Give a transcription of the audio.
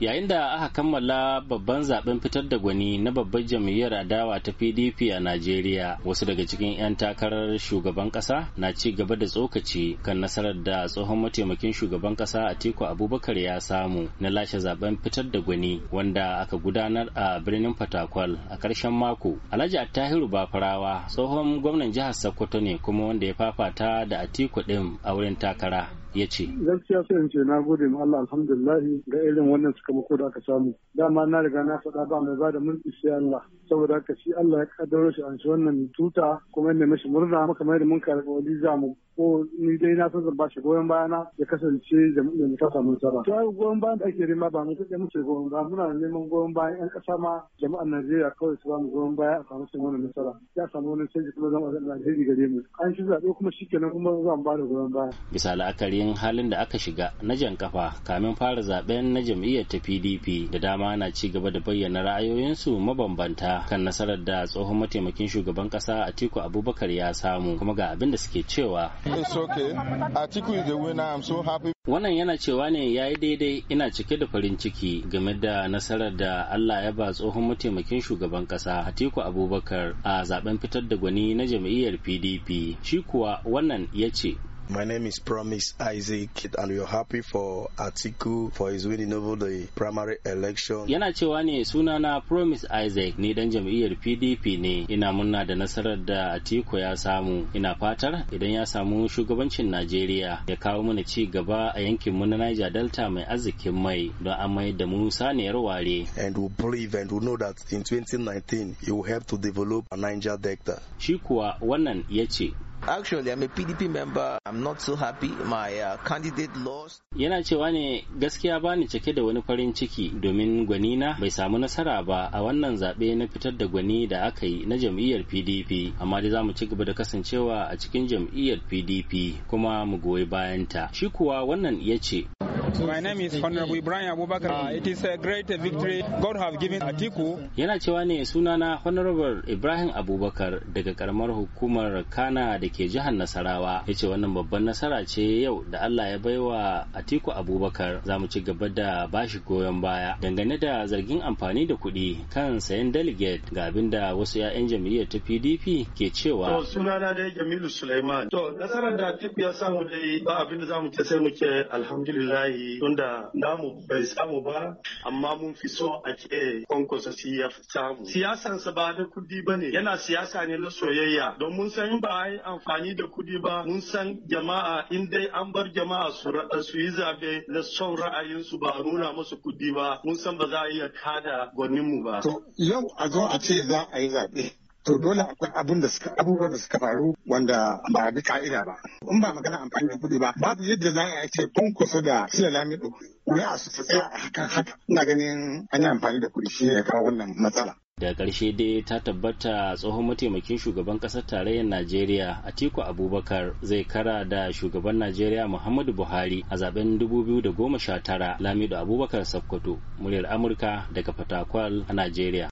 yayin da aka kammala babban zaben fitar da gwani na babbar jam'iyyar adawa ta pdp a najeriya wasu daga cikin 'yan takarar shugaban kasa na ci gaba da tsokaci kan nasarar da tsohon mataimakin shugaban kasa atiku abubakar ya samu na lashe zaben fitar da gwani wanda aka gudanar a birnin fatakwal a karshen mako alhaji attahiru bafarawa tsohon gwamnan jihar sokoto ne kuma wanda ya fafata da atiku din a wurin takara ya ce. Gaskiya sai in ce na gode ma Allah alhamdulillahi ga irin wannan sakamako da aka samu. Dama na riga na faɗa ba mai ba da mulki sai Allah. Saboda haka shi Allah ya kaddaro shi an shi wannan tuta kuma yana mashi murna muka da mun karɓi wani zamu ko ni ni na san ba shi goyon bayana ya kasance jam'iyyar ta samu nasara. To goyon bayan da ake nema ba mu kaɗai muke goyon baya. muna neman goyon bayan 'yan ƙasa ma jama'ar Najeriya kawai su ba mu goyon baya a samu cin wannan nasara. Ya samu wani canji kuma zama da alheri gare mu. An shi zaɓe kuma shi kenan kuma zan ba da goyon baya. Bisa la'akarin halin da aka shiga na jan kafa kamin fara zaɓen na jam'iyyar ta PDP da dama na ci gaba da bayyana ra'ayoyinsu mabambanta kan nasarar da tsohon mataimakin shugaban ƙasa Atiku Abubakar ya samu kuma ga abin da suke cewa. It's okay. a da wina am so happy. Wannan yana cewa ne ya yi daidai ina cike da farin ciki game da nasarar da Allah ya ba tsohon mataimakin shugaban kasa Atiku Abubakar a zaben fitar da gwani na jam'iyyar PDP. Shi kuwa wannan ya ce My name is Promise Isaac and we are happy for Atiku for his winning over the primary election. Yana cewa ne sunana Promise Isaac ni dan jam'iyyar PDP ne ina murna da nasarar da Atiku ya samu ina fatar idan ya samu shugabancin Najeriya ya kawo mana ci gaba a yankin mu na Niger Delta mai arzikin mai don an mai da mu saniyar ware. And we believe and we know that in 2019 you will help to develop a Niger Delta. Shi kuwa wannan yace Actually, I'm a PDP member. I'm not so happy. My uh, candidate lost. Yana cewa ne gaskiya ba ni cike da wani farin ciki domin gwani na bai samu nasara ba a wannan zaɓe na fitar da gwani da aka yi na jam'iyyar PDP. Amma dai za mu ci gaba da kasancewa a cikin jam'iyyar PDP kuma mu goyi bayanta. Shi kuwa wannan yace ce. My name is Honorable Ibrahim ah, Yana cewa ne sunana Honorable Ibrahim Abubakar daga karamar hukumar Kana da ke jihar Nasarawa. Ya ce wannan babban nasara ce yau da Allah ya baiwa Atiku Abubakar za mu ci gaba da bashi goyon baya dangane da zargin amfani da kuɗi kan sayan delegate ga abin da wasu 'ya'yan jam'iyyar ta PDP ke cewa. To sunana dai Jamilu Suleiman. nasarar da Atiku ya samu dai abin da za mu ce sai mu alhamdulillahi tunda namu bai samu ba amma mun fi so a ke kwankwasa shi ya samu. Siyasansa ba da kudi ba ne yana siyasa ne na soyayya don mun san ba a yi amfani da kudi ba mun san jama'a in dai an bar jama'a su yi zabe na son ra'ayinsu ba a nuna musu kudi ba mun san ba za a iya kada mu ba. To yau a zo a ce za a yi zaɓe. to dole akwai abun da suka abubuwan da suka faru wanda ba bi ka'ida ba in ba magana amfani da kuɗi ba babu yadda za a ce kun kusa da sila kuma a su tsaya a hakan haka ina ganin an yi amfani da kuɗi shi ne kawo wannan matsala da karshe dai ta tabbata tsohon mataimakin shugaban ƙasar tarayyar najeriya atiku abubakar zai kara da shugaban najeriya muhammadu buhari a zaben 2019 lamido abubakar sakkwato muryar amurka daga fatakwal a najeriya